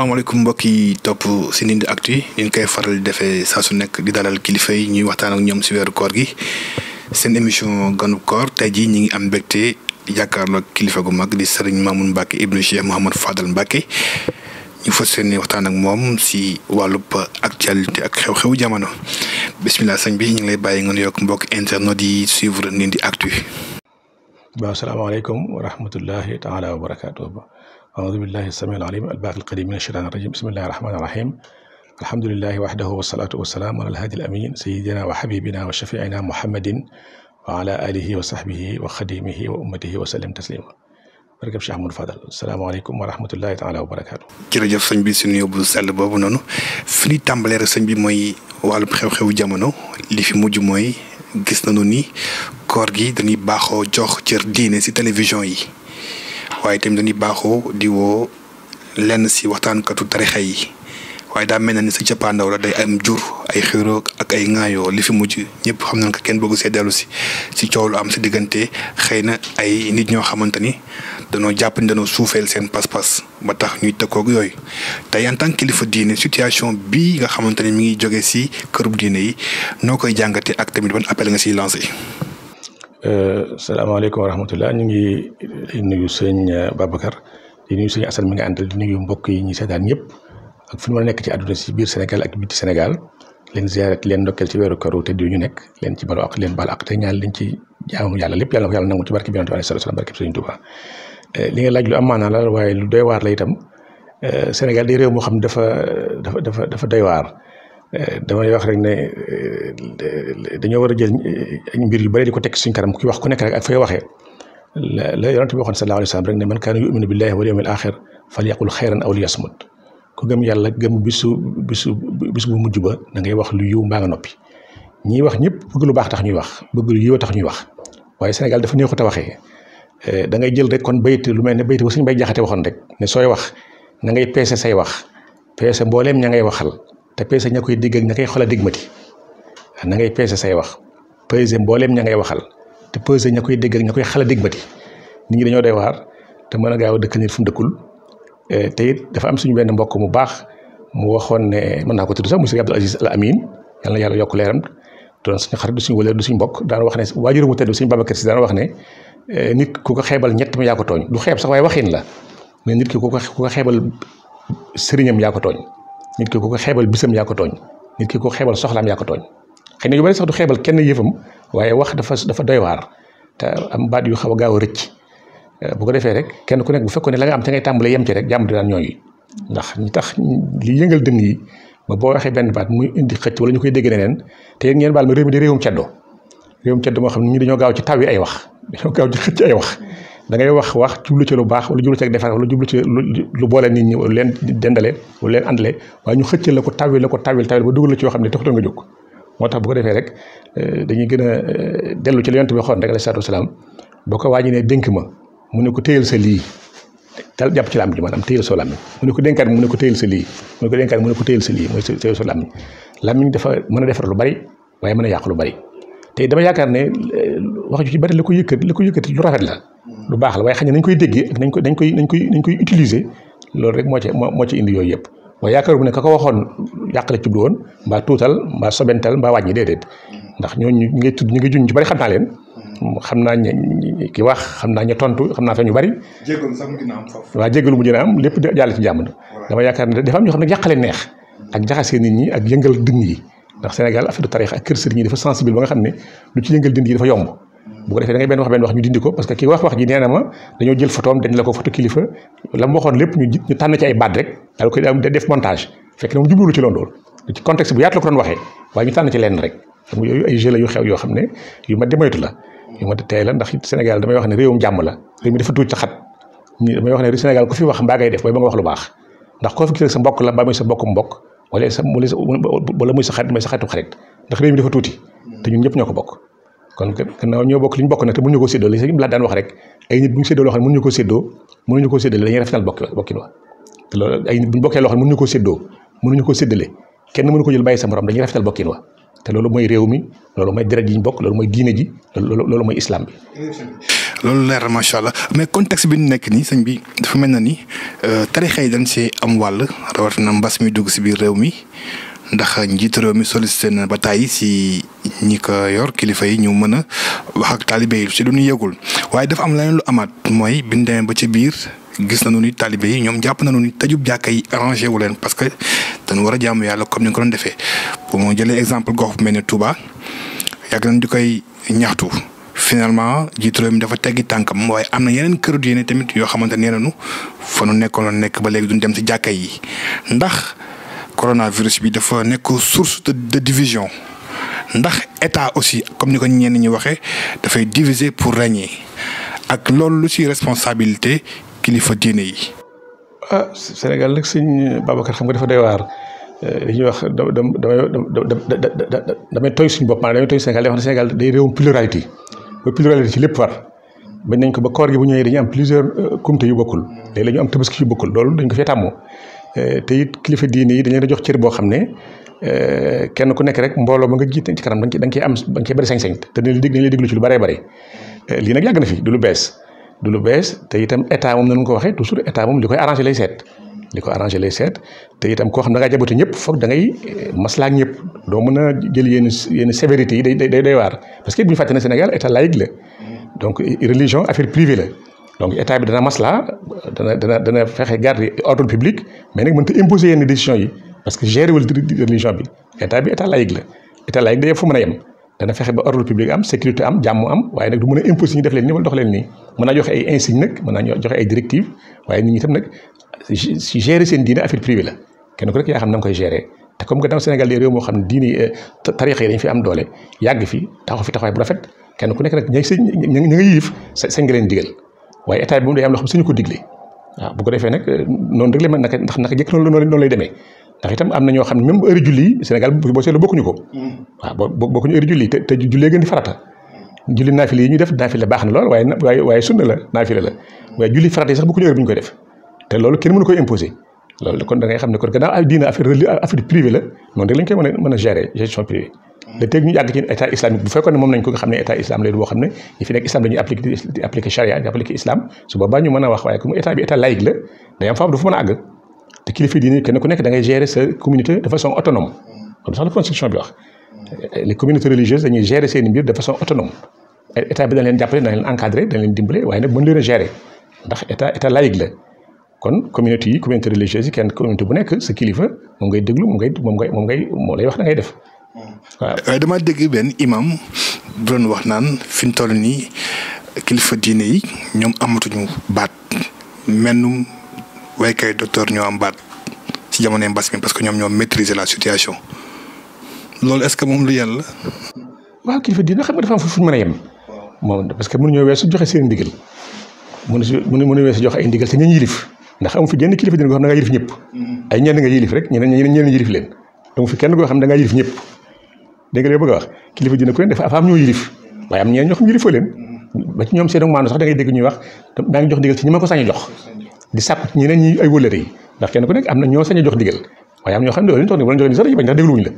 asalaamaaleykum mbokk yi topp si Ndindy Actu ni ñu koy faral di defee sa su nekk di dalal kilifa yi ñuy waxtaan ak ñoom si weeru koor gi seen émission ganub koor tey jii ñi ngi am mbégte jàkkaarloo kilifa gu mag di Serigne Mamoune Mbacke ibnu Cheikh Mouhamad Fadal Mbacke ñu fas yéene waxtaan ak moom si wàllub actualité ak xew-xewu jamono bisimilah sañ bi ñu ngi lay bàyyi nga yokk mbokk internet yi suivre Ndindy Actu. waaw asalaamaaleykum wa rahmatullahi taala wa barakaatuh أعوذ بالله السميع العليم الباقي القديم من الشيطان الرجيم بسم الله الرحمن الرحيم الحمد لله وحده والصلاة والسلام على الهادي الأمين سيدنا وحبيبنا وشفيعنا محمد وعلى آله وصحبه وخديمه وأمته وسلم تسليما barkab Cheikh Amadou Fadal salaamaaleykum wa rahmatullahi taala wa barakaatu. jërëjëf sëñ bi suñu yóbbu sell boobu noonu fi ñuy tàmbalee rek sëñ bi mooy wàllum xew-xewu jamono li fi mujj mooy gis nañu ni koor gi dañuy baaxoo jox cër diine si télévision yi. waaye tamit dañuy baaxoo diwoo lenn si waxtaankatu tarixa yi waaye daa mel na ni sa cëppaandaw la day am jur ay xiroo ak ay ŋaayoo li fi mujj ñëpp xam nañ ko kenn bëgg see dellu si si coow loo am si diggante xëy na ay nit ñoo xamante ni danoo jàpp ni danoo suufeel seen pas-pas ba tax ñuy tëkkoog yooyu tey en tant kilifa diine situation bii nga xamante ni mi ngi jóge si kërub diine yi noo koy jàngatee ak tamit ban appel nga siy lancé. Euh, salaamaaleykum wa rahmatulah ñu ngi nuyu sëñ euh, Babacar di nuyu sëñ Assane mi nga àndal di nuyu mbokk yi ñuy seetaan ñëpp ak fu ma nekk ci àdduna si biir Sénégal ak biti Sénégal leen ziare leen ndokkeel ci weeru koru te di ñu nekk leen ci balu ak leen baal ak te ñaan leen ci jaamu yàlla lépp yàlla na ko yàlla nangu ci barke bi Yonent bi alayhi salaatu wa salaam euh, li nga laaj lu am maanaa laal waaye lu doy waar la itam Sénégal di réew moo xam dafa dafa dafa dafa doy waar Eh, damay wax rek ne eh, dañoo war a jël eh, mbir yu bëri di ko teg suñ kanam ki wax ku nekk rek ak fay waxee la la yonent bi waxoon sallallahu alayhi wa sallam rek ne man kaana yuminu billahi wal yawmil axir falyaqul xayran aw liyasmut ku gëm yàlla gëm bisu bisu bis bu mujj ba da ngay wax lu yiw mbaa nga noppi ñiy wax ñëpp bëgg lu baax tax ñuy wax bëgg lu tax ñuy wax waaye Sénégal dafa neexut a waxee da ngay jël rek kon bayit lu mel ne bayit ba suñu bay jaxate waxoon rek ne sooy wax na ngay peese say wax peese mbooleem ña ngay waxal te peese ña koy digg ak ña koy xool a digmati na ngay peese say wax peese mbooleem ña ngay waxal te peese ña koy digg ña koy xal xala digmati nit ñi dañoo doy waar te mën a gaaw a dëkkal nit fu mu dëkkul eh, te it dafa am suñu benn mbokk mu baax mu waxoon ne mën naa ko tudd sax monsieur Abdou Aziz Al Amin yàlla na yàlla yokk leeram doon suñu du suñu wala du suñu mbokk daan wax ne waajur mu tedd suñu Babacar Si daan wax ne eh, nit ku ko xeebal ñett mi yaa ko tooñ du sax waaye waxin la mais nit ki ku ko ku ko xeebal sëriñam yaa ko tooñ nit ki ku ko xeebal bisam yaa ko tooñ nit ki ko xeebal soxlaam yaa ko tooñ xëy na yu bari sax du xeebal kenn yëfam waaye wax dafa dafa doy waar te am baat yu xaw a gaaw a rëcc eh, bu ko defee rek kenn ku nekk bu ne la am te ngay tàmbalee yem ci rek jàmm di daan ñooñu ndax ñu tax li yëngal dëng yi ba boo waxee benn baat muy indi xëcc wala ñu koy dégg neneen te yéen ngeen baal ma réew mi di réewum ceddo réewum ceddo moo xam ne ñi dañoo gaaw ci taw yi ay wax dañoo gaaw ay wax dangay ngay wax wax jublu ci lu baax wala jublu ci ak defar wala jublu lu boole nit ñi lu leen dendale wala leen àndale waaye ñu xëccal la ko tawil la ko tawil tawil ba dugal la ci yoo xam ne taxutoo nga jóg moo tax bu ko defee rek euh, dañuy gën a euh, dellu ci li yonent bi xoon rek alayhi salaatu wasalaam boo ko waaji ne dénk ma mu ne ko téyal sa lii dal jàpp ci làmmiñ ji maanaam téyal soo làmmiñ mu ne ko dénkaat mu ne ko téyal sa lii mu ne ko dénkaat mu ne ko téyal sa lii mooy téyal a defar lu bari waaye mën a yàq lu bari te dama yaakaar ne euh, wax ju ci bari la ko yëkkati la ko yëkkati lu rafet la lu baax la waaye xëy na nañ koy déggee ak nañ koy dañ koy dañ koy dañ koy utiliser loolu rek moo ci moo ci indi yooyu yëpp waaye yaakaar bu ne ka ko waxoon yàq la ci woon mbaa tuutal mbaa sobental mbaa wàññi déedéet ndax ñooñu ñu ngay tudd ñu ngi juñ ci bari xam naa leen xam naa ñi ki wax xam naa ña tontu xam naa fa ñu bari waaw jéggalu mu dina am lépp jàll ci jàmm na dama yaakaar ne dafa am ñoo xam ne yàqale neex ak jaxasee nit ñi ak yëngal dënn yi ndax Sénégal affaire de tarix ak dafa sensible ba nga xam ne lu ci yëngal dënn yi dafa yomb bu ko defee da ngay benn wax benn wax ñu dindi ko parce que ki wax wax ji nee ma dañoo jël photoom dañ la ko photo kilifa la waxoon lépp ñu ñu ci ay baat rek daal da def montage fekk na moom jubluwul ci loolu loolu ci contexte bu yaatu la ko doon waxee waaye ñu tànn ci lenn rek donc yooyu la yu xew yoo xam ne yu ma demaytu la yu ma tey la ndax Sénégal damay wax ne réewum jàmm la réew mi dafa tuuti xat damay wax ne Sénégal ku fi wax mbaa ngay def mooy ba wax lu baax ndax koo fi gis sa mbokk la mbaa muy sa sa wala muy sa xarit muy sa xaritu dafa tuuti te ñëpp ñoo ko bokk kon gannaaw ñoo bokk li ñu bokk nag te mënuñu ko séddoo li sëñ bi daan wax rek ay nit bu ñu séddoo loo xam mënuñu ko séddoo mënuñu ko séddale dañuy kenn mënu ko jël bàyyi sa morom dañuy rafetal bokkin wa te loolu mooy réew mi loolu mooy deret yi ñu bokk loolu mooy diine ji loolu loolu mooy islam bi. loolu leer na macha allah mais contexte bi ñu nekk nii sañ bi dafa mel na ni euh, tarixa yi dañ see am wàll na mbas mi dugg si biir réew mi ndax njiit réew mi sollicité na ba tàyyi si ñi ko yor kilifa yi ñu mën a wax ak taalibe yi si lu nu yëgul waaye dafa am leneen lu amaat mooy bi ñu demee ba ci biir gis nañu ni taalibe yi ñoom jàpp nañu ni tëjub jàkka yi arrangé wu leen parce que dañu war a yàlla comme ni nga ko doon defee bu jëlee exemple gox mel ne Touba yàgg di koy ñaxtu. finalement jiitu mi dafa teggi tànkam waaye am na yeneen këru diine tamit yoo xamante ne nañu fa nu nekkoon nekk ba léegi duñ dem ci jàkka yi ndax. coronavirus bi dafa nekk source de division ndax état aussi comme ni ko ñenn ñi waxee dafay diviser pour régner ak loolu lu ci responsabilité kilifa diine yi. ah Sénégal nag sëñ Babacar xam nga defa doy waar li ñuy wax da da da damay tooy suñu bopp maanaam damay tooy Sénégal day wax ne Sénégal day réewum pluralité ba pluralité ci lépp war bañ nañ ko ba koor gi bu ñëwee dañuy am plusieurs comité yu bokkul léeg-léeg ñu am tabaski yu bokkul loolu dañ ko fee tàmmoo. Eh, te it kilifa diine yi dañ leen a jox cër boo xam ne eh, kenn ku nekk rek mbooloo ba nga jiite ci kanam da nga ciy am da nga ciy bëri dañ leen di déglu ci lu bëree bëri eh, lii yàgg na fi du lu bees du lu bees te itam état moom nañu ko waxee toujours état moom li koy arrangé lay seet. li ko lay seet te itam koo xam da ngaa jaboote ñëpp foog dangay ngay maslaa ñëpp doo mën a jël yenn yenn sévérité yi day day day waar parce que bu ñu fàtte ne Sénégal état laïque la donc religion affaire privée la. donc état bi dana maslaa dana dana dana fexe garder ordre public mais nag mënta imposer yenn décision yi parce que gérer wul religion bi état bi état laïque la état laïque day fu mën a yem dana fexe ba ordre public am sécurité am jàmm am waaye nag du mën a imposer ñu def leen nii wala dox leen nii mën naa joxe ay insigne nag mën naa joxe ay directive waaye nit ñi tam nag gérer seen diine affaire privée la kenn ku rek yaa xam na nga koy gérer te comme que dans Sénégal di réew moo xam ne diine euh, fi am doole yàgg fi taxaw fi kenn ku nekk nag ña nga yilif sañ nga waaye état bi moom day am loo xam suñu ko digle waaw bu ko defee nag euh, noonu rek la mel naka ndax naka jëkk noonu noonu lay demee ndax itam am na ñoo xam ne même heure julli Sénégal boo seetlu bokkuñu ko mm. waaw boo bokkuñu heure julli te julli naafile yi ñu def naafile baax na lool waaye waaye waaye sunna la naafile la waaye julli farata yi sax bokkuñu heure bu ñu koy def te loolu kenn mënu koy imposer loolu kon da ngay xam ne kon gannaaw diina affaire affaire la noonu rek lañ koy mën a mën a gérer gestion privée le teg ñu yàgg ci état islamique bu fekkoon ne moom nañ ko xam ne état islam lay nekk islam dañuy appliquer di appliquer di a wax waaye comme état bi état laïque la day am faaw dafa da ngay gérer sa communauté de façon autonome loolu sax la constitution bi wax les communautés religieuses dañuy gérer seen mbir de façon autonome état bi dañ jàppale dañ encadrer dañ dimbale waaye ndax état état laïque la kon communauté yi communauté religieuse yi kenn communauté bu nekk sa kilifa moom ngay déglu moom ngay moom ngay moom ngay moo lay wax da ngay def waaw. waaye euh, dégg benn imam bu wax naan fi mu toll nii kilifa diine yi ñoom amatuñu baat mennum waykay docteur ñoo am baat ci jamonoy mbas mi parce que ñoom ñoo maîtriser la situation loolu est-ce que moom lu yàlla. waaw kilifa diine xam nga dafa am fu ñu mën a yem. moom parce que mënuñoo weesu joxe seen ndigal mënu si mënu weesu joxe ay ndigal te ñu yilif ndax amu fi genn kilifa dina goo xam da ngaa yilif ñëpp mm-hmm. ay ñenn nga yilif rek ñeneen ñeneen yilif leen amu fi kenn koo xam a ñeen ñoo leen mm-hmm. a jox di sàkku am a jox digal waaye am ñoo xam ne loolu ñu toog ni wala joxe ni sax dañuy bañ ndax dégluwuñu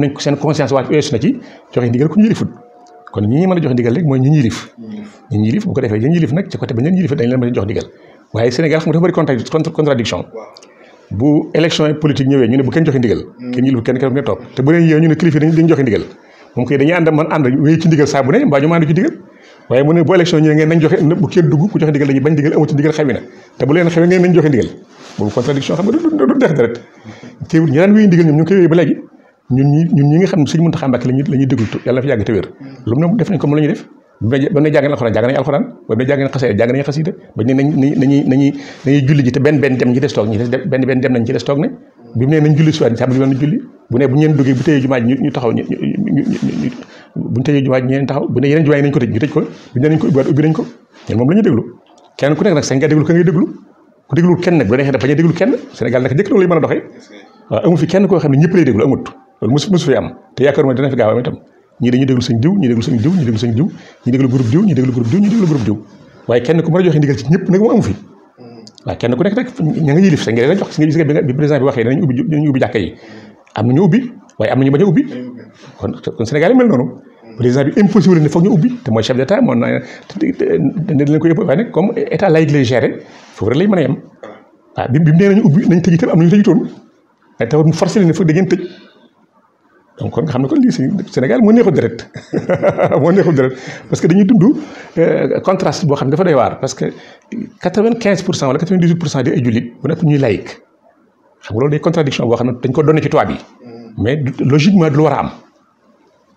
nañ seen conscience wàcc weesu na ci joxe digal ku ñu yilifut kon ñi ñi mën a jox digal rek mooy ñi ñi yilif ñi ñi defee ñi ñi yilif nag ci côté ba ñeen yilif dañ leen mën a jox digal waaye Sénégal xam nga dafa bëri contra contradiction bu élection politique ñëwee ñu ne bu kenn joxe ndigal. Mm. kenn joxe ndigal moom koy dañuy ànd man te bu wéy ndigal ñu ngi koy wéy ba léegi ñun ñi ñun ñi xam ne Sëriñ Muntaxa Mbàkke lañuy la ñuy yàlla na fi yàgg te wér mm. lu mu ne def nañ ko mu la def ba nga jàng alxuraan jàng nañu alxuraan ba nga jàng xasee jàng nañu xasida ba ñu ne nañu nañu nañu nañu julli ji te benn benn dem ñu des toog ñu des benn benn dem nañ ci des toog ne bi mu ne nañ julli si waat sàmm nañ julli bu ne bu ñeen duggee bu tëyee jumaa ji ñu taxaw ñu bu ñu tëyee jumaa ji ñu taxaw bu ne yeneen jumaa yi nañ ko tëj ñu tëj ko bu ne nañ ko ubbiwaat ubbi nañ ko ñun moom la ñu déglu kenn ku nekk nag sañ nga déglu ka ngay déglu ku déglul kenn nag bu neexee dafa ñu déglu kenn Sénégal nag njëkk loolu lay mën a doxee waaw amu fi kenn koo xam ne ñëpp lay déglu amut loolu mosu mosu fi am te yaakaaruma dina fi gaaw am itam ñi dañuy déglu sëñ diw diw ñii déglu sëñ diw ñii déglu groupe diw ñii déglu groupe diw ñii déglu groupe diw waaye kenn ku mën a joxe ndigal ci ñëpp nag mu am nañu ñu ubbi d' état moom na ne leen a yem waaw bi bi nañ tëj am nañu tëjutoon waaye mu forcé leen foog da tëj donc kon nga xam ne kon lii Sénégal moo neexul deret moo neexul deret parce que dañuy dund euh, contraste boo xam ne dafa doy waar parce que quatre-vingt-quinze pour cent wala pour cent des ay jullit bu nekk ñuy laïc xam nga loolu day contradiction boo xam ne dañ ko donné ci tubaab yi mais logiquement du lu war a am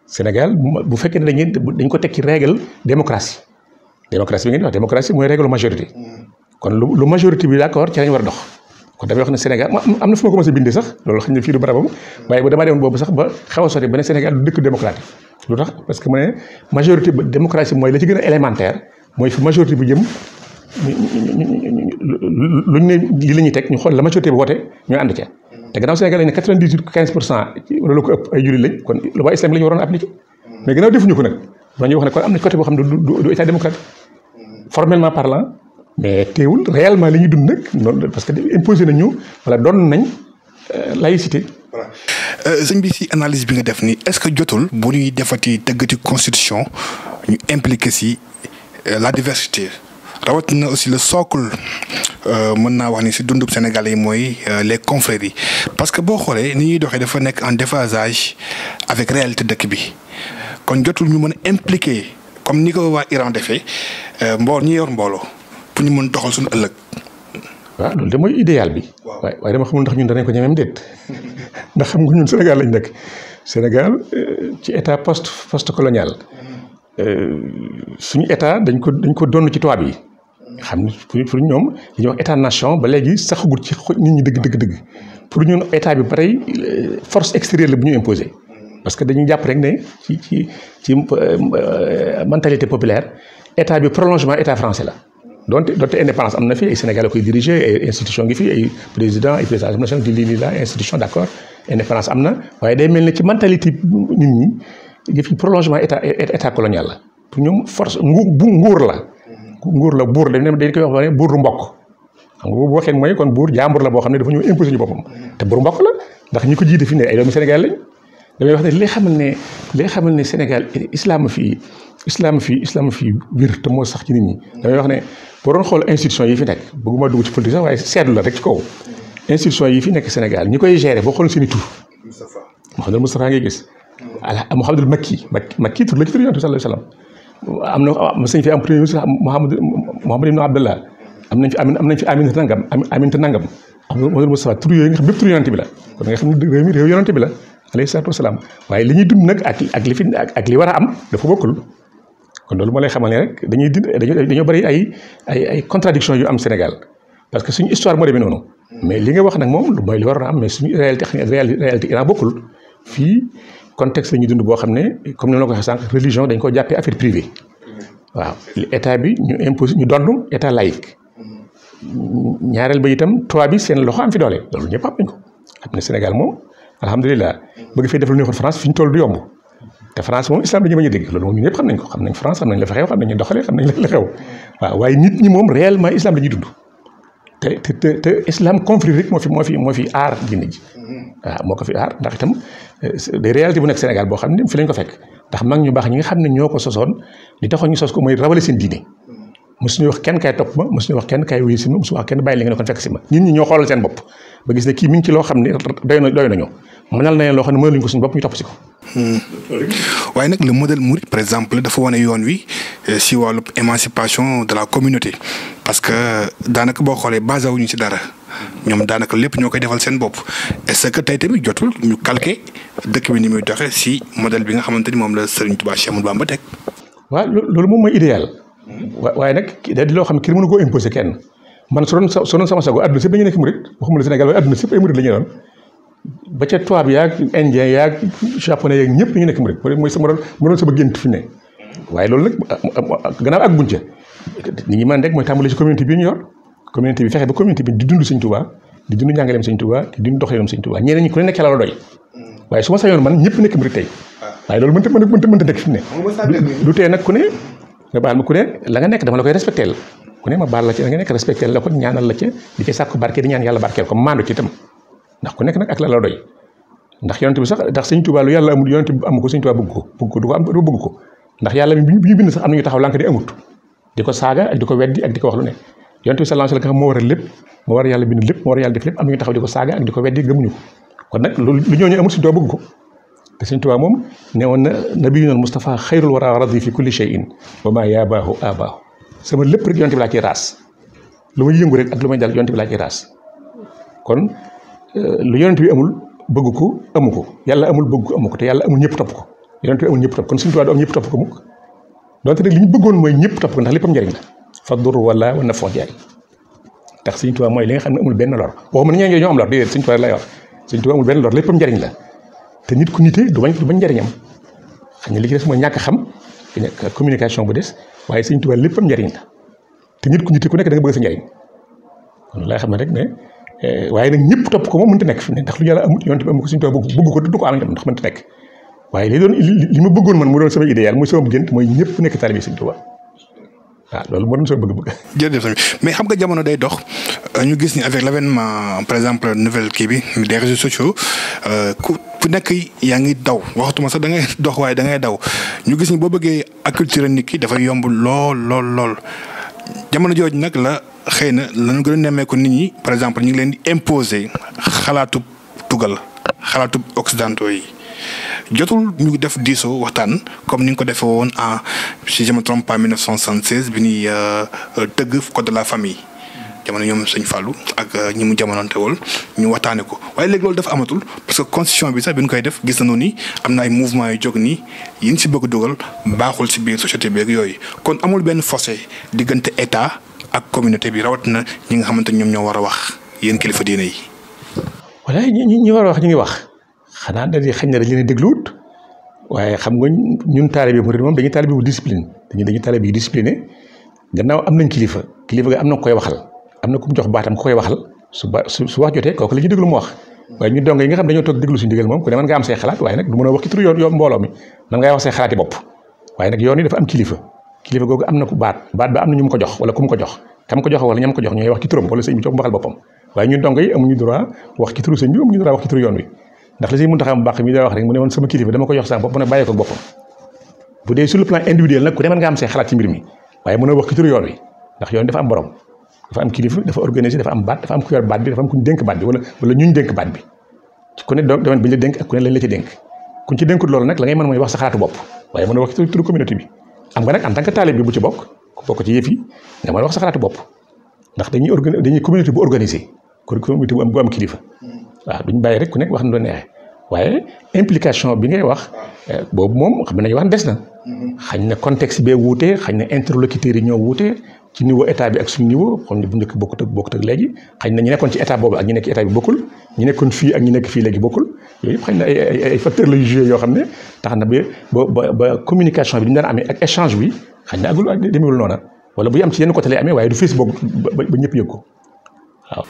Sénégal bu fekkee ne dañuy dañ ko teg ci régle démocratie démocratie bi ngeen di wax démocratie mooy règle majorité mm. kon lu majorité bi d'accord ci lañ war a dox kon damay wax ne Sénégal am na fu ma commencé bindee sax loolu xam ne fii du barabam waaye ba damaa demoon boobu sax ba xaw a sori ba ne Sénégal du dëkk démocratique lu tax parce que mu ne majorité ba démocratie mooy la mooy fi majorité bu jëm luñ ne li la ñuy teg ñu xool la majorité bi woote ñu ànd ca te gannaaw Sénégal pour cent lu ko ëpp ay jullit lañ kon loi appliqué mais gannaaw defuñu ko nag dañuy wax ne kon am na côté boo xam ne du état démocratique formellement parlant mais teewul réellement li ñu dund nag noonu parce que imposé nañu wala doon nañ euh, laïcité. voilà euh, sëñ bi si analyse bi nga def nii est-ce que jotul. bu ñuy defati tëggati constitution ñu impliqué si euh, la diversité. rawatina aussi le socle mën naa wax ni si dundub Sénégal yi mooy les confréries yi parce que boo xoolee ni ñuy doxee dafa nekk en déphasage avec réalité dëkk bi kon jotul ñu mën a impliqué comme ni ko waa Iran defee mboor ñi yor mbooloo. ñu mën doxal suñu ëllëg. waaw loolu de mooy idéal bi. waaw waaye dama xamul ndax ñun danañ ko ñemeem déet ndax xam nga ñun Sénégal lañ nekk Sénégal euh, ci état post post colonial mm-hmm. euh, suñu état dañ ko dañ ko donn ci tubaab yi. xam ni pour ñoom li ñuy wax état nation ba léegi saxagul ci nit ñi dëgg dëgg dëgg pour ñun état bi pare euh, force extérieure la bu ñu imposé. parce que dañuy jàpp rek ne ci ci ci mentalité populaire état bi prolongement état français la. donte donte indépendance am na fii ay Sénégal la koy diriger ay institution ngi fi ay président ay président national la institution d' accord indépendance am na waaye day mel ni ci mentalité nit ñi yëf yi prolongement état état colonial la pour ñoom force ngu bu nguur la nguur la buur dañ dañ koy wax ne buur du mbokk xam nga boobu waxee mooy kon buur jaambur la boo xam ne dafa ñëw imposé ñu boppam te buur mbokk la ndax ñu ko jiite fi ne ay doomu Sénégal lañ damay wax ne li xamal ne li xamal Sénégal islam fii islam fii islam fii wér te moo sax ci nit ñi damay wax ne boo doon xool institution yi fi nekk bëgguma dugg ci politique sax waaye seetlu la rek ci kaw institution yi fi nekk Sénégal ñi koy gérer boo xool seen i tur Mouhamadul Moustapha ngay gis ala Mouhamadul Makki Makki Makki tur la ci tur am na am sañ fi am premier ministre Mouhamad Mouhamad ibn am nañ fi am nañ fi Aminata Nangam Aminata Nangam Mouhamadul Moustapha tur yooyu nga xam bépp tur yonent bi la kon nga xam ne réew mi réew yonent bi la alayhi salaatu wasalaam waaye li ñuy dund nag ak ak li fi ak li war a am dafa bokkul kon loolu moo lay xamal ne rek dañuy dind dañoo bëri ay ay ay contradiction yu am Sénégal parce que suñu histoire moo demee noonu mais li nga wax nag moom mooy li waroon a am mais suñu réalité réalité Iran bokkul fii contexte la ñuy dund boo xam ne comme ni ma la ko waxee sànq religion dañ ko jàppee affaire privée waaw état bi ñu impose ñu donn état laïque ñaareel ba itam toit bi seen loxo am fi doole loolu ñëpp am ko xam ne Sénégal moom alhamdulilah bëgg fee def lu ñuy xool France fi ñu toll du yomb te France moom islam dañu bañ a dégg loolu moom ñun ñëpp xam nañ ko xam nañ France xam nañ la fa xam nañ la doxalee xam nañ la xew waaw waaye nit ñi moom réellement islam dañuy moo fi moo fi moo fi aar diine ji mm-hmm. euh, boo xam ne fi fekk ndax mag ñu baax ñi nga xam ne ñoo ko sosoon li taxoon ñu sos ko mooy rawale seen diine mm-hmm. mosuñu ma gis ne kii mi ci loo xam ne doy na doy nañu na leen loo xam ne mënaluñ ko suñu bopp ñu topp si ko Hmm. waaye nag le modèle mouride par exemple dafa wane yoon wi euh, si wàllu émancipation de la communauté parce que daanaka boo xoolee basé wuñu si dara ñoom daanaka lépp ñoo koy defal seen bopp est-ce que tey tamit jotul ñu calqué dëkk bi ni muy doxee si modèle bi nga xamante ni moom la Serigne Touba Cheikh Ahmadou Bamba teg. waaw loolu moom mooy idéal. waaye nag da di xam kii mënu koo imposer kenn man su sama sago àdduna sëpp dañu nekk murid waxuma la Sénégal ba ca tubaab yaag indien yaag japonais yaag ñëpp ñu nekk mu rek mooy sama doon sama gént fi ne waaye loolu nag gannaaw ak bunca ñi ngi mën mooy tàmbali si communauté bi ñu yor communauté bi fexe ba communauté bi di dund sëñ Tuubaa di dund njàngaleem sëñ Tuubaa di dund doxaleem sëñ Tuubaa ñeneen ñi ku ne nekk la doy waaye su ma sañoon man ñëpp nekk murit tey waaye loolu mënta mënta mënta nekk fi ne du tee nag ku ne nga baal la nga nekk dama la koy respecté ku ne la ci ndax ku nekk nag ak la la doy ndax yonent bi sax ndax sëñ Tuubaa lu yàlla amul yonent bi amu ko sëñ Tuubaa ko bëgg ko du ko am du bëgg ko ndax yàlla bi ñu bind sax am nañu taxaw lànk di amut di ko saaga ak di ko weddi ak di ko wax lu ne yonent bi sallallahu alayhi wa sallam moo war a lépp moo war a yàlla bind a yàlla def lépp am nañu taxaw di ko saaga ak ko weddi gëmuñu ko kon nag lu ñooñu amut sëñ Tuubaa bëgg ko te sëñ Tuubaa moom ne woon na nabiyuna Mustafa xayrul wara radi fi kulli shay'in wa ma yabaahu sama lépp rek yonent bi laa ciy raas lu may yëngu rek ak lu may dal yonent bi laa raas kon lu yonent bi amul bëgg ko amu ko yàlla amul bëgg ko amu ko te yàlla amul ñëpp topp ko yonent bi amul ñëpp topp kon suñu tubaab du am ñëpp topp ko mukk donte nag li ñu bëggoon mooy ñëpp topp ko ndax léppam njëriñ la faddur wala wa nafoo jaay ndax suñu mooy li nga xam ne amul benn lor boo xam ne ñee ñoo am lor déedéet suñu tubaab lay wax la te nit ku nite du bañ du bañ njëriñam xam ne li ci des mooy ñàkk xam communication bu des waaye suñu tubaab léppam njëriñ la te nit ku nite ku nekk da nga bëgg sa njëriñ kon laa xam ne rek Eh, waaye nag ñëpp topp ko moom mënta nekk fi ne ndax lu yàlla amut yonte bi amu ko suñu toog bëgg ko dudd ko àlangam ndax mënta nekk waaye li doon li ma bëggoon man mu doon sama idéal muy sama gént mooy ñëpp nekk taalibe Sëriñ Tuubaa mais xam nga jamono day dox ñu gis ni avec l' avènement par exemple nouvelle kii bi des réseaux euh, ku nekk yaa ngi daw waxtuma sax dangay dox waaye da ngay daw ñu gis ni boo bëggee a acculturer nit ki dafay yomb lool lool lool jamono nag la. xëy na lañu gën a nemmeeku nit ñi par exemple ñu ngi leen di imposer xalaatub tugal xalaatu occidentaux yi jotul ñu def diisoo waxtaan comme ni nga ko defee woon en si je me trompe pas 1976 bi ñuy euh, euh, tëgg code de la famille. jamono ñoom sëñ Fallou ak euh, ñi mu jamononte woon ñu waxtaanee ko waaye léegi loolu dafa amatul parce que constitution bi sax bi ñu koy def gis nañu ni am na ay mouvement yu jóg nii yi ñu si bëgg dugal baaxul si biir société beeg yooyu kon amul benn fossé diggante état. ak communauté bi rawat na ñi nga xamante ñoom ñoo war a wax yéen kilifa diine yi. wala ñi ñi war a wax ñu ngi wax xanaa dañuy xëy na dañu leen a dégluwut waaye xam nga ñun taalibe murid moom dañuy taalibe bu discipline dañuy dañuy taalibe yu discipliné gannaaw nañ kilifa kilifa ga am na koy waxal na ku jox baatam ku koy waxal su ba su wax jotee kooku la wax. waaye ñu dong yi nga xam toog déglu suñu digal moom ku ne mën am say xalaat waaye nag du mën a wax ci turu yoon mbooloo mi man ngay wax say xalaati bopp waaye nag yoon yi dafa am kilifa kilifa googu am na ku baat baat ba am na ñu ko jox wala ku ko jox kam ko jox wala ñam ko jox ñooy wax ci turam wala sëñ mu waxal boppam dee sur le baat bi dafa am kuñ dénk baat bi wala wala ñuñ baat bi ku ne domaine bi la dénk ak kuñ ci dénkul loolu nag la ngay mën mooy wax sa xalaatu bopp waaye mën a wax ci turu communauté bi xam nga nag en tant que taalib bi bu ci bokk ku bokk ci yëf yi nga mën a wax sa bopp ndax dañuy organ dañuy communauté bu organisé communauté bu am bu am kilifa waaw duñ rek ku nekk wax na lu neexee waaye implication bi ngay wax eh, boobu moom xam nañu wax des na mm-hmm. xañ na contexte bee wuutee xañ na interlocuteurs yi ñoo wuutee ci niveau état bi ak suñu niveau xam ne bu njëkk bokkut ak bokkut ak léegi xëy na ñu nekkoon ci état état bi bokkul ñu ñu nekk fii léegi bokkul yooyu yëpp xëy na ay ay facteurs la yu joué yoo xam ne tax na ba ba ba communication bi ñu daan amee ak échange bi xëy na agul demewul noona wala buy am ci yenn côté lay amee waaye du Facebook ba ba ñëpp yëg ko waaw.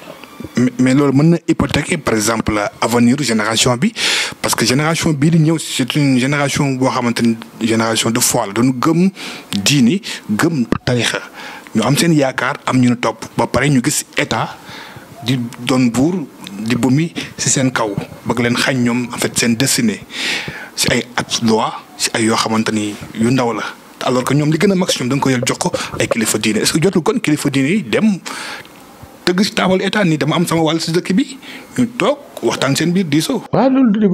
mais loolu mën na hypothéquer par exemple avenir génération bi parce que génération bii di ñëw c'est une génération boo xamante ni génération de foi la doon gëm diini gëm tarixa ñu am seen yaakaar am ñu ne topp ba pare ñu gis état di doon buur di mi ci seen kaw bëgg leen xañ ñoom en fait seen destinée ci ay at loi ci ay yoo xamante ni yu ndaw la alors que ñoom li gën a mag ci ñoom da nga ko jox ko ay kilifa diine est-ce jotul kon kilifa diine yi dem tëgg ci taabal état ni dama am sama wàll si dëkk bi ñu toog waxtaan seen biir diisoo. waaw loolu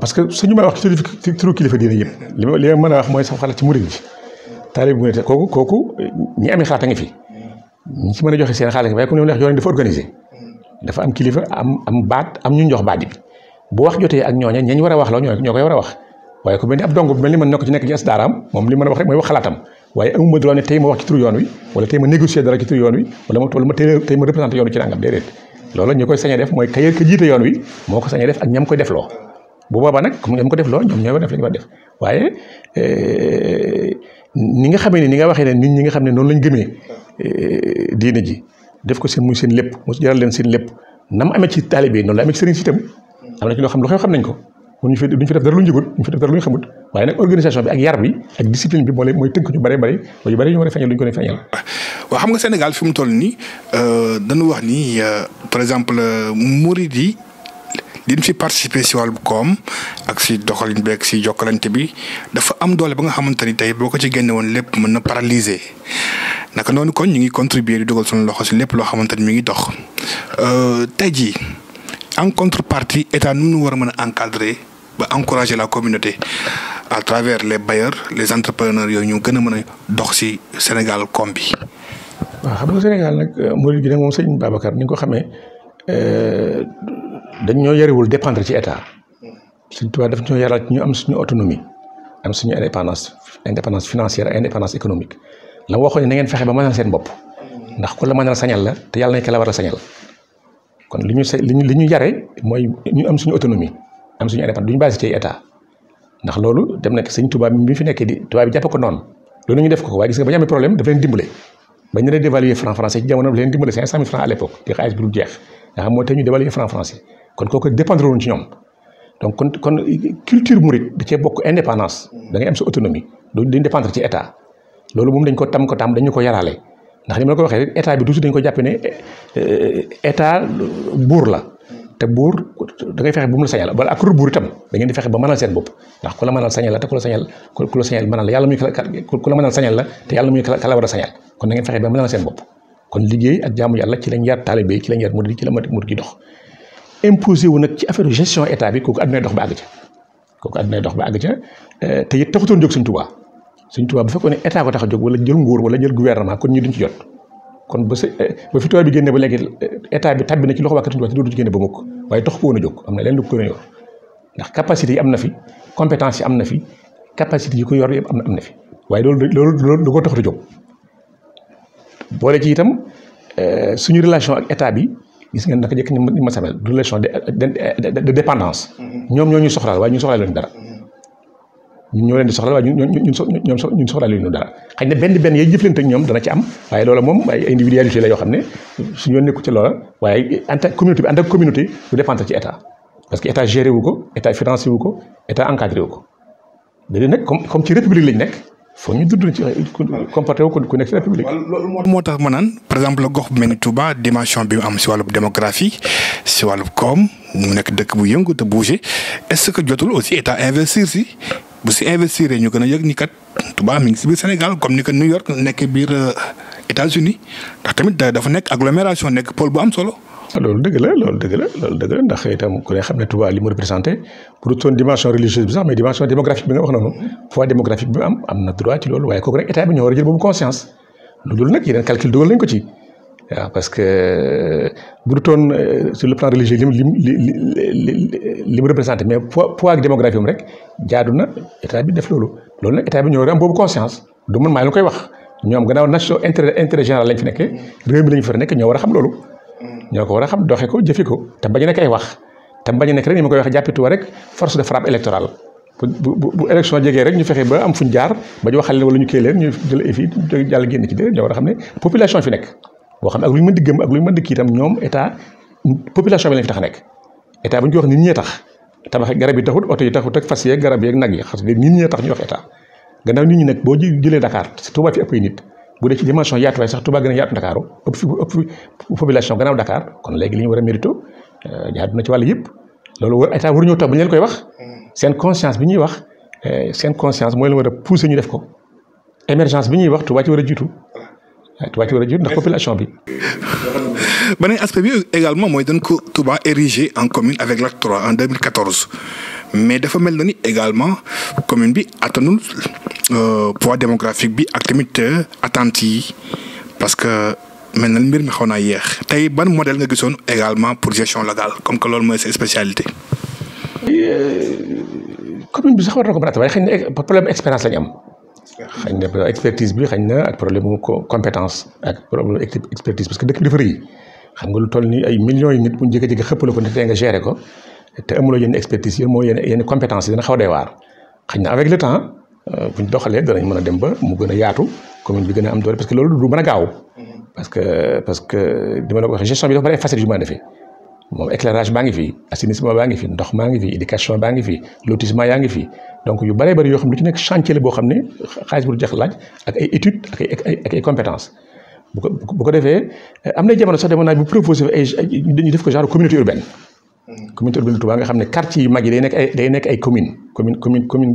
parce que suñu may wax ci turu kilifa diine yëpp li ma li ma wax mooy sama xalaat ci murid yi taalib bu ne kooku kooku ñi amee xalaat a ngi fi ñi ci mën a joxe seen xaalis waaye ku ne neex yoon dafa organisé dafa am kilifa am baat am ñu jox baat bi bu wax jotee ak ñooña ñañ war a wax la ñoo koy war a wax waaye ku mel ni a wax wax xalaatam waaye amuma droit ne tey ma wax ci tur yoon wi wala tey ma négocier dara ci tur yoon wi wala ma wala ma tey ma représenté yoon wi ci nangam déedéet loolu ñu koy sañee def mooy kaye yoon wi moo ko sañee def ak ñam koy bu boobaa nag comme ñoom ko def loolu ñoom ñoo war def li waaye eh, ni nga xamee ne ni nga waxee ne nit ñi nga xam ne noonu lañ gëmee eh, diine ji def ko seen muy seen lépp mu jaral leen seen lépp nam amee ci taalibe noonu la amee ci sëriñ si am na ci loo xam lu xew xam nañ ko mun ñu fi duñ fi def dara lu ñu jëgul dara lu ñu xamul waaye nag organisation bi ak yar bi ak discipline bi mooy tënk ñu bëree bëri ñu bëri ñu war a feeñal duñ ko ne feeñal waaw xam nga Sénégal fi mu toll nii euh, dañu wax nii euh, par exemple euh, murid yi liñ fi participer si wàllum koom ak si doxalin beeg si jokkalante bi dafa am doole ba nga xamante ni tey boo ko ci génne woon lépp mën na paralyser naka noonu kon ñu ngi contribuer di dugal suñu loxo si lépp loo xamante ni mi ngi dox euh, tey jii en contrepartie état nu war a mën a encadrer ba encourager la communauté à travers les bailleurs les entrepreneurs yooyu ñu gën a mën a dox si Sénégal koom bi. waaw xam nga Sénégal nag euh, murid gi nag moom sëñ Babacar ni nga ko xamee. Euh, dañ ñoo yariwul dépendre ci état Sëñ Tuubaa daf ñoo yaral ñu am suñu autonomie am suñu indépendance indépendance financière indépendance économique la waxoon ne na ngeen fexe ba mënal seen bopp ndax ku la mënal sañal la te yàlla nañ ko la war a sañal kon li ñu sa li ñu li ñu yare mooy ñu am suñu autonomie am suñu indépendance du ñu basé ci état ndax loolu dem na Sëñ Tuubaa bi fi nekkee di tubaab bi jàpp ko noonu loolu ñu def ko waaye gis nga ba ñu amee problème daf leen dimbale bañ ne leen dévaluer franc français ci jamono daf leen dimbale cinq cent kon kooku dépendre woon ci ñoom donc kon kon culture murit da cee bokk indépendance da ngay am sa autonomie duñ dépendre ci état loolu moom dañ ko tam ko tam dañu ko yaraale ndax ni ma la ko waxee état bi toujours dañ ko jàppe eh, état buur la te buur da ngay fexe bu mu la sañal wala seen bopp ndax ku la mënal sañal a sañal seen bopp kon liggéey ak jaamu yàlla ci lañ yar taalibe ci lañ yar murid ci la murid gi dox imposé wu nag ci affaire gestion état bi kooku àddunay dox ba àgg ca kooku àddunay dox ba àgg ca eh, te it taxutoon jóg suñ Tuubaa suñ Tuubaa bu fekkoon ne état ko tax a jóg wala jël nguur wala jël gouvernement kon ñu duñ ci jot kon ba sa eh, bi génne ba léegi eh, état bi tabbi na ci loxo waa Kër Tuubaa te dootu ci génne ko woon a jóg am na leen lu ko ndax capacité yi am na fi compétence yi am na fi capacité yi ko yor yëpp am na am na fi waaye loolu loolu loolu du ko taxut a jóg boole ci itam suñu relation ak état bi gis ngeen naka jëkk ni ma sabel relation de dépendance ñoo ñu soxlaal waaye ñu soxlaal leen dara ñun ñoo leen di soxlaal waaye ñun ñun soxlaal leen benn benn yay jëflante ñoom dana ci am waaye loola moom ay individualité la yoo xam ne ñoo nekku ci loola waaye en tant que communauté bi en communauté du dépendre ci état parce que état géré wu ko état financé wu ko état encadré wu ko léegi nag comme comme ci république lañ nekk foo ñu dudd ci comporté wu ku nekk ci république. moo tax ma naan par exemple gox bu mel ni Touba dimension bi mu am si wàllub démographie si wàllub koom mu nekk dëkk bu yëngu a bougé est-ce que jotul aussi état investir si bu si investir ñu gën a yëg ni kat Touba mi si biir Sénégal comme ni que New York nekk biir euh, États-Unis ndax tamit dafa nekk agglomération nekk pôle bu am solo. Ah, loolu dëgg la loolu dëgg la loolu dëgg ndax itam ku ne xam ne Touba li mu représenté pour son dimension religieuse bi sax mais dimension démographique bi nga wax noonu poids démographique bi am am na droit loolu waaye kooku rek état bi parce que euh, bu du toon euh, le plan religieux lim lim li mu représenté mais poids poids ak démographie am rek jaadu na état bi def loolu loolu nag bi ñoo war am boobu conscience du man maa leen koy wax ñoom gannaaw nation intérêt intérêt général lañ fi nekkee réew mi lañ fa nekk ñoo war a xam loolu ñoo ko war a xam doxe ko jëfi ko te bañ a nekk ay wax te bañ a nekk rek ni ma koy wax jàppituwa rek force de frappe électorale bu bu élection jegee rek ñu fexe ba am fu ñu jaar ba ñu waxal leen wala ñu ñu jël fii jàll génn ci déedéet ñoo war a xam ne population fi nekk xam ne ak lu ñu mën di gëm ak lu ñoom état population bi lañ fi tax nekk état bu ñu ko wax nit ñee tax tabax garab yi taxut oto yi taxut ak fas garab yeeg nag yi xam tax ñu wax état gannaaw nit ñi nag boo jëlee Dakar Touba fi ëpp nit bu dee ci dimension yaatuwaay sax Touba gën a yaatu Dakar ëpp fi ëpp population gannaaw Dakar kon léegi li ñu war a mérito euh, jaadu na ci wàll yëpp loolu war état waruñoo toog bu ñu koy wax seen conscience bi ñuy wax euh, seen conscience mooy la war a pousser ñu def ko émergence bi ñuy wax Touba ci war a jiitu Touba a jiitu ndax population bi. beneen aspect bi également mooy dañ ko Touba érigé en commune avec l'acte 3 en mais dafa mel na ni également commune bi attanul euh, poids démographique bi ak tamit euh, attentes parce que mel na mbir mi xaw na yéex tey ban modèle nga gisoon également pour gestion locale comme que loolu mooy sa spécialité. Euh, commune bi sax war na ko mën a waaye xëy problème expérience lañu am. xañ na expertise bi xañ na ak problème mu compétence ak problème expertise parce que dëkk bi dafa rëy xam toll ni ay million yi nit bu ñu jékki-jékki xëppale ko ne tey nga géré ko te amuloo yenn expertise yi moo yenn compétence yi dana xaw a waar xañ na avec le temps euh, bu ñu doxalee danañ mën a dem ba mu gën a yaatu commune bi gën a am doole parce que loolu du mën a gaaw mm-hmm. parce que que dima la ko gestion bi dafa bari ay facettes yu mën moom éclairage baa ngi fi assainissement baa ngi fi ndox maa ngi fi éducation baa ngi fi lotissement yaa ngi fi donc yu bëree bëri yoo xam ne lu ci nekk chantier la boo xam bu du jeex laaj compétence bu ko defee eh, am na jamono sax demoon naa bu proposé ay dañuy def ko genre communauté urbaine. Hmm. communauté urbaine Touba nga xam ne quartier yi day nekk ay day nekk ay commune commune commune commune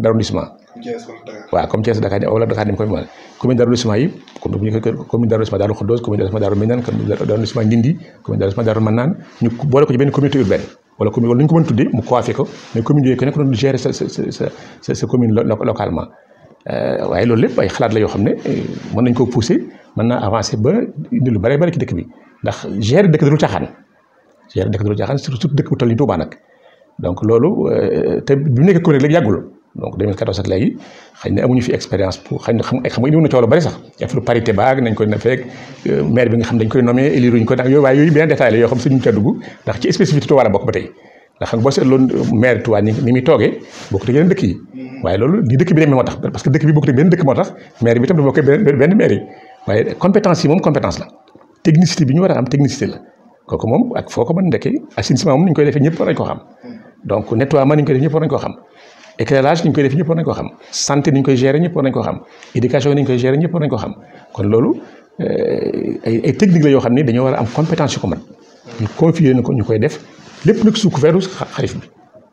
waaw comme Thiès Dakar wala Dakar ni mu koy mel commune d'arrondissement yi commune d'arrondissement Darou Khoudoss commune d'arrondissement Darou Minane commune d'arrondissement Ndindi commune d'arrondissement Darou Manane ñu boole ko ci benn communauté urbaine wala commune wala ñu ko mën tuddee la yoo xam ne euh, mën nañ koo pousser mën naa avancer ba indi lu bare bare ci dëkk bi ndax gérer dëkk du caaxaan gérer dëkk du caaxaan surtout dëkk bu toll nii Touba nag donc loolu euh, bi nekk commune rek léegi yàggul donc 2014 ak léegi xëy na amuñu fi expérience pour xam nga indi na coow bari sax affaire parité baag nañ koy na fekk euh, maire bi nga xam dañ koy nommé éliruñ ko ndax euh, ni ni toogee bokkut ak yeneen dëkk yi waaye loolu ni dëkk bi demee moo tax parce que dëkk bi bokkut ak benn dëkk moo tax maire bi tam da bokkee benn maire yi waaye compétence yi moom compétence la technicité bi ñu war a am technicité la kooku moom ak foo ko mën ndekkee assainissement moom ni ñu koy defee ñëpp war nañ xam éclairage ni ñu koy def ñëpp war nañ ko xam santé ni ñu koy gérer ñëpp war nañ ko xam éducation ni koy gérer ñëpp war nañ ko xam kon loolu euh, ay technique la yoo xam ni dañoo war a am compétence yu ko mën ñu confier ko ñu koy def lépp nag sous couvert xalif bi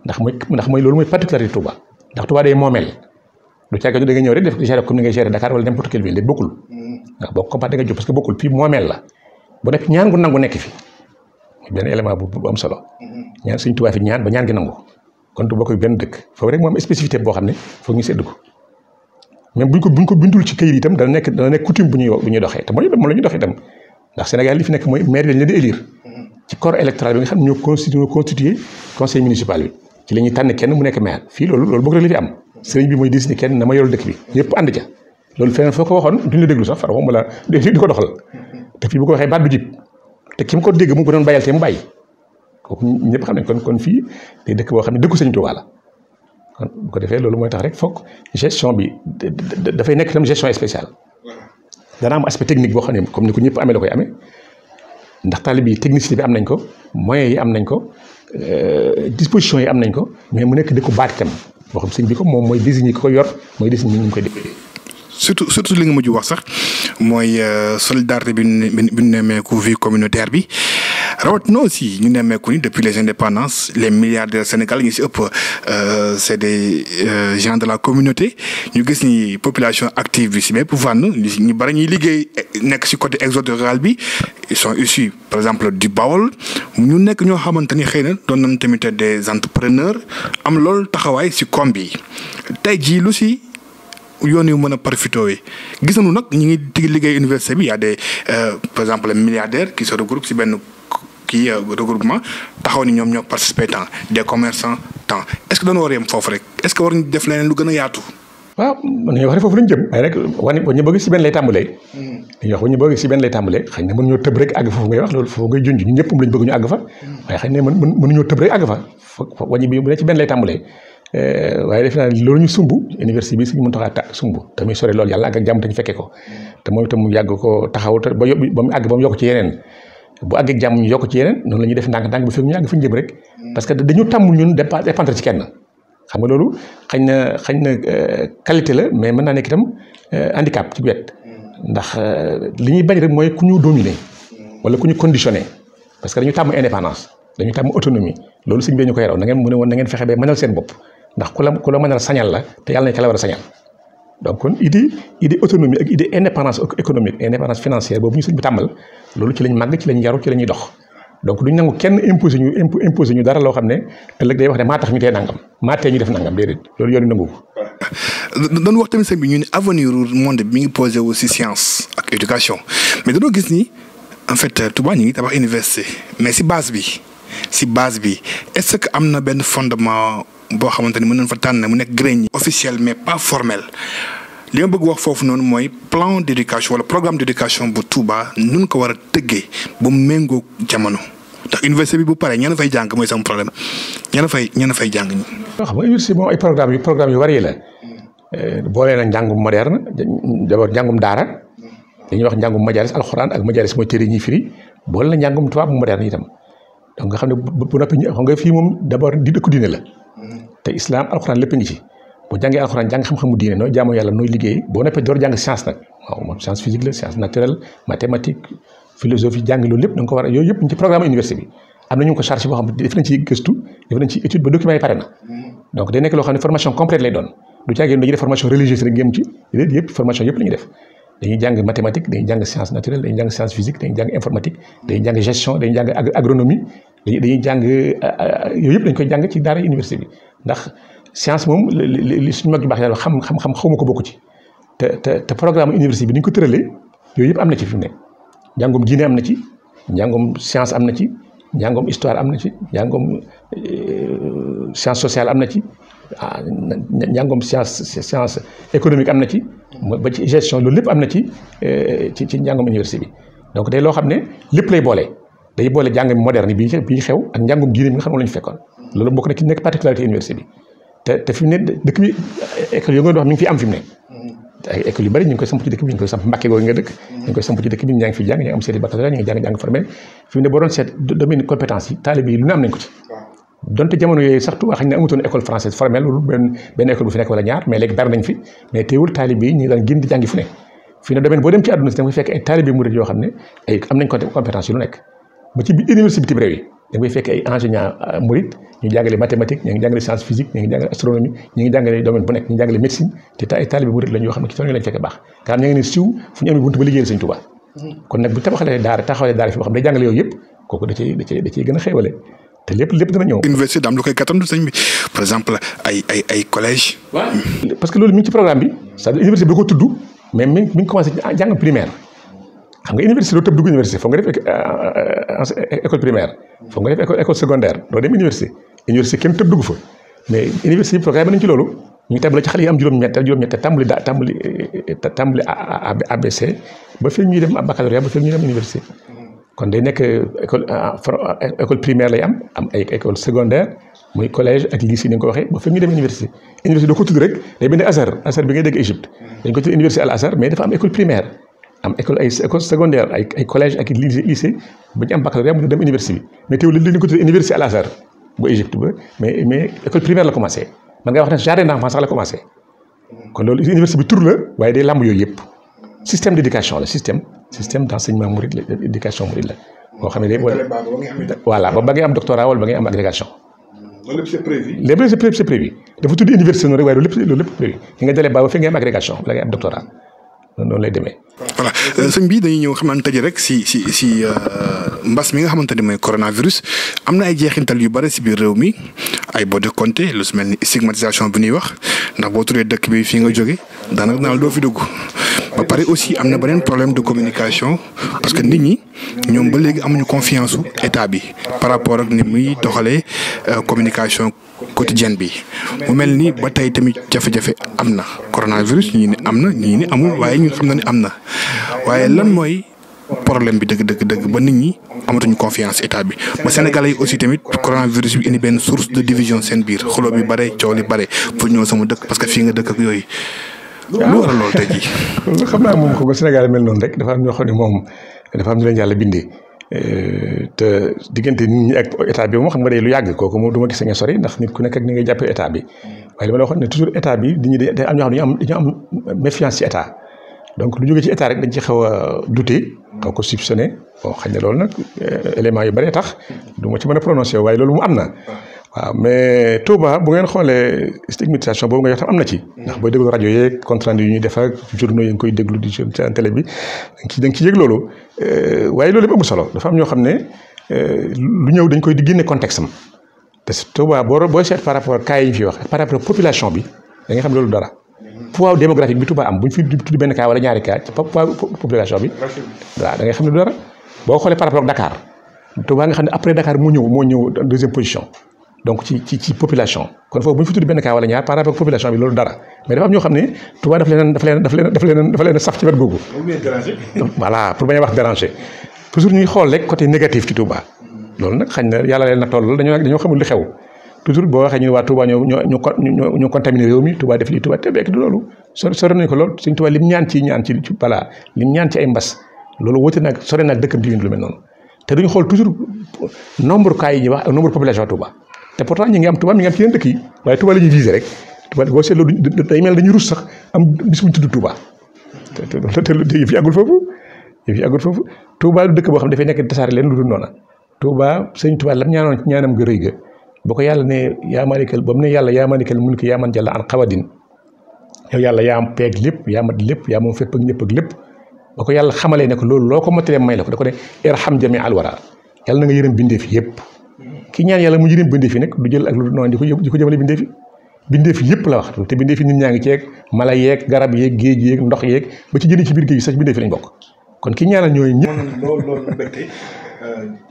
ndax mooy ndax mooy loolu mooy particularité Touba ndax Touba day moomeel lu càgg da nga ñëw rek def gérer comme ni nga gérer Dakar wala n'importe quelle ville de bokkul ndax boo ko comparé nga la bu nekk ñaan gu nangu nekk fi benn solo mm-hmm. ñaan Sëñ Touba fi ñaan ba ñaan gi nangu kon du bokk benn dëkk foofu rek moo am spécificité boo xam ne foog ñu ko bindul ci këyit itam dana nekk dana nekk coutume bu ñuy bu doxee te mooy moom la kenn mu nekk maire fii loolu loolu bokk rek la fi am sëriñ bi mooy désigné kenn na ma yorul dëkk bi ñëpp ànd ca loolu feneen foo ko waxoon duñu la déglu sax far waxuma la di ko doxal te fii bu ko waxee baat du jib te ki ko dégg mu ko doon bàyyal te mu bàyyi kooku ñëpp xam nañ ko kon fii day dëkk boo xam ne dëkku sëñ Tuubaa la kon ko defee loolu mooy tax rek foog gestion bi dafay nekk tam gestion spéciale dana am aspect technique boo xam ne comme ni ko ñëpp amee la koy amee ndax taalib yi technicité bi am nañ ko moyens yi am nañ ko euh, disposition yi am nañ ko mais mu nekk dëkku baat itam boo xam sëñ bi ko moom mooy désigné ko yor mooy désigné ñu ngi koy déggee. surtout surtout li nga mujj wax sax mooy euh, solidarité bi ñu ne bi ñu nemmeeku vie communautaire bi. rawat na si ñu nemmeeku ni depuis les indépendances les milliardaires sénégalais ñu si ëpp euh, c'est des euh, gens de la communauté ñu gis ni population active bi si mais pouvoir na ñu bari ñuy liggéey eh, nekk si côté exode rural bi ils sont par exemple du Bawol ñu nekk ñoo xamante ni xëy na doon nañ tamit des entrepreneurs am lool taxawaay si koom bi tey jii lu si yoon yu mën a profitoo yi gis nañu ñu ngi tigi liggéey université bi y a des euh, par exemple milliardaires qui se regroupent si benn kii euh, regroupement taxaw ni ñoom ñoo participer tant des commerçants tant est-ce que dañoo war yem foofu rek est-ce que war ñu def leneen lu gën a yaatu. waaw mën nañu wax ne foofu lañu jëm waaye rek wane ñu bëgg si benn lay tàmbalee. Hmm. dañuy wax si benn lay tàmbalee xëy na mënuñoo tëb rek àgg foofu ngay wax loolu foofu ngay fa. Hmm. waaye xëy bu ne ci benn lay tàmbalee Euh, waaye def naa loolu ñu sumb université bi suñu mën taxaa ta sumb te muy sore loolu yàlla ak ak jàmm te ñu fekkee ko te moom itam mu yàgg ko taxaw te ba yóbbu ba mu àgg ba mu yokk ci yeneen bu àgg ak ñuy def ndànk-ndànk bu fekk ñu àgg ñu jëm rek parce que dañu kenn xam nga loolu xañ na xañ na euh, qualité la mais mën naa nekk itam euh, handicap ci wet ndax li mooy ku ñu dominer wala ku ñu conditionné parce que dañu tàmm indépendance dañu tàmm autonomie loolu suñ bee ñu ko yaraw na mu ne woon na fexe ba mënal seen bopp ndax ku la ku la sañal la te yàlla nañ ko la a sañal donc kon idée idée autonomie ak idée indépendance économique indépendance financière boobu ñu sëñ bi tàmbal loolu ci lañ màgg ci lañ yaru ci la ñuy dox donc duñ nangu kenn imposé ñu imposé ñu dara loo xam ne ëllëg day wax ne maa tax mi tee nangam maa tee ñu def nangam déedéet loolu yoon nangu ko. wax tamit sëñ bi ñu ne avenir monde bi mi ngi posé wu si science ak éducation mais dañoo gis ni en fait Touba ñu ngi tabax université mais si base bi. si base bi est-ce que am na benn fondement boo xamante ni mën nañ fa tànn mu nekk gré officiel mais pas formel li ma bëgg wax foofu noonu mooy plan d'éducation wala programme d'éducation bu Touba nun ko war a tëggee bu mu méngoo jamono ndax université bi bu paree ñenn fay jàng mooy sama problème ñenn fay ñenn fay jàng ñi. waaw xam nga université moom ay programme yu programme yu bari la eh, boole na njàngum moderne d'abord njàngum daara dañuy wax njàngum majalis alxuraan ak majalis mooy téere ñuy firi boole na njàngum tubaab moderne itam. donc xam ne bu noppi ñu xam nga fii moom d'abord di dëkku diine la te islam alxuraan lépp ngi ci bu jàngee alxuraan jàng xam-xamu diine nooy jaamu yàlla nooy liggéey boo noppee door jàng science nag science physique la science naturelle mathématique philosophie jàng loolu lépp da ko war a yooyu yëpp ñu ci programme université bi am na ñu ko chargé boo xam def nañ ci gëstu def nañ ci étude ba document yi pare na donc day nekk loo xam ne formation dañuy jàng mathématique dañuy jàng science naturelle dañuy jàng science physique dañuy jàng informatique dañuy jàng gestion dañuy jàng agronomie dañuy jàng euh, euh, yooyu yëpp dañ koy jàng ci daara université bi ndax science moom li suñu mag yu xam xam xawma ko bokku ci te te te programme université bi ni ñu ko tëralee yooyu yëpp am na ci fi mu ne njàngoom diine am na ci njàngoom science am na ci njàngoom histoire am na ci njàngoom euh, science sociale am na ci ah njàngoom science science économique am na ci ba ci gestion loolu lépp am na ci eh, ci ci njàngoom université bi donc day loo xam ne lépp lay boole day boole jàng moderne bi bi xew ak njàngum diine bi nga xam ne la ñu fekkoon loolu bokk na ci nekk particularité université bi te te fi mu ne dëkk bi école yoo nga wax mi ngi fi am fi mu ne ay école yu bëri ñu ngi koy samp ci dëkk bi ñu ngi koy samp Mbàkke googu nga dëkk ñu ngi koy samp ci dëkk bi ñaa ngi fi jàng ña ngi am seeti baccalauréat ñu ngi jàng jàng formel fi mu ne boo doon seet domaine compétence yi taalibe yi lu ne am nañ ko ci donte jamono yooyu sax Touba xañ na amutoon école française formelle lu benn benn école bu fi nekk wala ñaar mais léegi bari nañ fi mais teewul taalib yi ñu daan gën di jàngi fu nekk ba ci université bi réew yi da ngay fekk ay ingénieur murid ñu jàngale mathématique ñu ngi jàngale science physique ñu ngi jàngale astronomie ñu ngi jàngale domaine bu ngi jàngale médecine te ay taalib murid lañ yoo ngi ne siw fu ñu te lépp lépp dina ñëw. université daam lu koy gàttandu sëñ bi par exemple ay ay ay collège. parce que loolu mi ngi ci programme bi c'est-à-dire université bi ko tudd mais mi ngi mi ngi commencé jàng primaire xam nga université doo tëb dugg fa mais université yi programme nañ ci loolu ñu ngi tàmbali ci xale yi am juróom-ñett juróom-ñett tàmbali da tàmbali tàmbali ABC ba fii ñuy dem baccalauréat ba fii ñuy dem université. kon day nekk école euh, euh, école primaire lay am am ay école secondaire muy collège ak lycée ni ko waxee ba fi ñu dem université université doo ko tudd rek day benn Azhar Azhar ngay Al Azhar mais dafa am école primaire am école secondaire ay collège ak lycée lycée am baccalauréat mu dem université mais teewul li ñu ko tudd université Al Azhar bu Égypte ba mais école primaire la commencé man ngay wax ne jardin d'enfants sax la commencé kon loolu université bi waaye day lamb yooyu yëpp système d' éducation la système système d' enseignement la éducation murid la boo ne day. voilà ba ba ngay am doctorat wala ba ngay am agrégation. loolu ba ba fi ngay am agrégation wala ngay am doctorat noonu lay demee. xam naa tëjee rek si. Euh, mbas mi nga xamante ne mooy coronavirus am na ay jeexintal yu bëri si biir réew mi ay boo de compte lu su mel ni stigmatisation bi ñuy wax ndax boo turee dëkk bi fii nga jóge daanaka daal doo fi dugg ba pare aussi am na beneen problème de communication parce que nit ñi ñoom ba léegi amuñu confiance su état bi par rapport ak ni muy doxalee euh, communication quotidienne bi mu mel ni ba tey tamit jafe-jafe am na coronavirus ñii ni am na ñii ni amul waaye ñu xam na ne am na waaye lan mooy problème bi dëgg dëgg dëgg ba nit ñi amatuñu confiance état bi ba sénégalais yi aussi tamit coronavirus bi indi benn source de division seen biir xoloo bi bare coow bare pour ñëw sama dëkk parce que fii nga dëkk ak yooyu. lu xam naa moom ko ba Sénégal mel noonu rek dafa am ñoo xam moom dafa am ñu leen yàlla bindee eh, te diggante nit ñi xam nga day lu yàgg kooku moom du ma gis sori ndax nit ku nekk ak ni nga jàppee état bi waaye li ma la waxoon ne toujours état bi nit ñi day am ñoo xam état donc lu jóge ci état rek dañ ci xaw a douté xaw ko soupçonné bon xëy na loolu nag euh, éléments yu baree tax du ma ci mën a prononcé waaye loolu mu am na. waaw mais Touba bu ngeen xoolee stigmatisation boobu nga wax am na ci. ndax booy déglu rajo yeeg compte rendu yu ñuy def ak journaux yi nga koy déglu di ci télé bi da ciy yëg loolu euh, waaye loolu yëpp amul solo dafa am ñoo xam ne euh, lu ñëw dañ koy di génne contexte am te Touba boo booy seet par rapport ak yi ñu fi wax par rapport population bi danga nga xam loolu dara. poids démographique bi Touba am bu ñu fi tudd benn cas wala ñaari cas ci population bi waaw da ngay xam ne du dara boo xoolee par rapport ak Dakar nga xam ne après Dakar moo ñëw moo ñëw deuxième position donc ci ci ci population kon foofu bu ñu fi tudd benn cas wala ñaar par rapport population bi loolu dara mais dafa am ñoo xam ne Touba daf leen daf leen daf leen daf leen daf leen saf ci a wax na yàlla leen na toll dañoo dañoo xamul li xew toujours boo waxee ñu ne waa Touba ñoo ñoo ñoo ñoo contaminé réew mi Touba def lii Touba te bekk du loolu sore sore nañu ko lool suñ Touba lim ñaan ci ñaan ci balaa lim ñaan ci ay mbas loolu wute nag sore nag dëkkam ci lu mel noonu te duñu xool toujours nombre cas yi ñuy wax ak nombre population Touba te pourtant ñi ngi dëkk yi waaye Touba la ñuy du dëkk boo xam dafay nekk tasaare leen lu dul noona Touba sëñ Touba lam ñaanoon ci ñaanam ga rëy boo ko yàlla ne yaa maalikal ba mu ne yàlla yaa an xawadin yàlla yaa am peeg lépp yaa mat lépp yaa moom fépp ak ñëpp ak lépp ba ko yàlla xamalee ne ko loolu loo ko mottalee may la ko da ko ne irham jami alwara yàlla na nga yërëm bindeef nag du jël ak lu noonu ko di ko jëmale bindeef yi bindeef yëpp la te bindeef yi nit ñaa ngi ceeg mala yeeg garab yeeg géej yeeg ndox yeeg ba ci jëni ci biir géej sax bindeef yi lañ bokk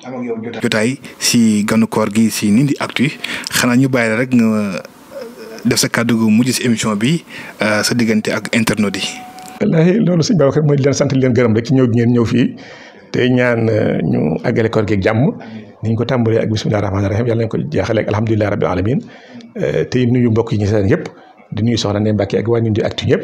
am ak yow jotaay si ganu koor gi si Ndindy Actu xanaa ñu bàyyi rek nga euh, def sa kàddu gu mujj si émission bi euh, sa diggante ak internet yi. wallaahi loolu si Babacar mooy di leen sant di leen gërëm rek ci ñëw ngeen ñëw fii tey ñaan euh, ñu àggale koor gi ak jàmm ni ñu ko tàmbalee ak bisimilah rahmaani rahiim yàlla nañu ko jeexalee ak alhamdulilah rabbil alamin tey nuyu mbokk yi ñu seen yëpp di nuyu soxna Ndeye Mbacke ak waa Ndindy Actu ñëpp.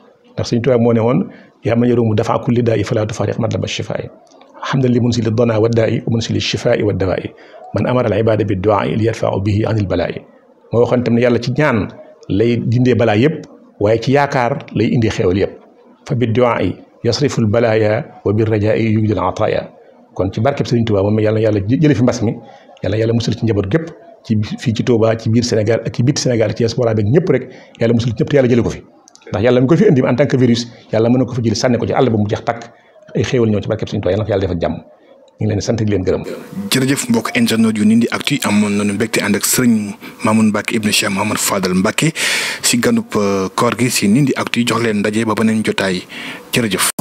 ndax Sëñ Tuubaa moo ne woon yaa man yarumu dafa kulli daa i falaa tufaariq matlaba shifaa'i hamdan li munsili danaa wa daa i wa munsili shifaa'i wa dawaa'i man amara al ibaada bi du'aa'i li ne yàlla ci ñaan lay dindee balaa yëpp waaye ci yaakaar lay indi xéewal yëpp fa bi du'aa'i yasrifu al balaaya wa bi rajaa'i yujdi al ataaya kon ci barkeb Sëriñ Tuubaa moom yàlla yàlla jële fi mbas mi yàlla yàlla ci njaboot gépp ci fii ci biir Sénégal ci biir bi ñëpp rek yàlla musul ci ñëpp te yàlla jële ko fi ndax yàlla mi ko fi indi en tant que virus yàlla mën na ko fa jëli sànni ko ci àll ba mu jeex tàkk ay xéewal ñëw ci barkeb Sëriñ Tuubaa yàlla na ko yàlla defal jàmm ñu ngi leen di sant di leen gërëm. jërëjëf mbokk internet yu Ndindy Actu amoon nañu mbégte ànd ak sëriñ Mamoun Mbacke ibnu Cheikh Mouhamad Fadal Mbacke si ganub euh, koor gi si Ndindy Actu jox leen ndaje ba beneen jotaay jërëjëf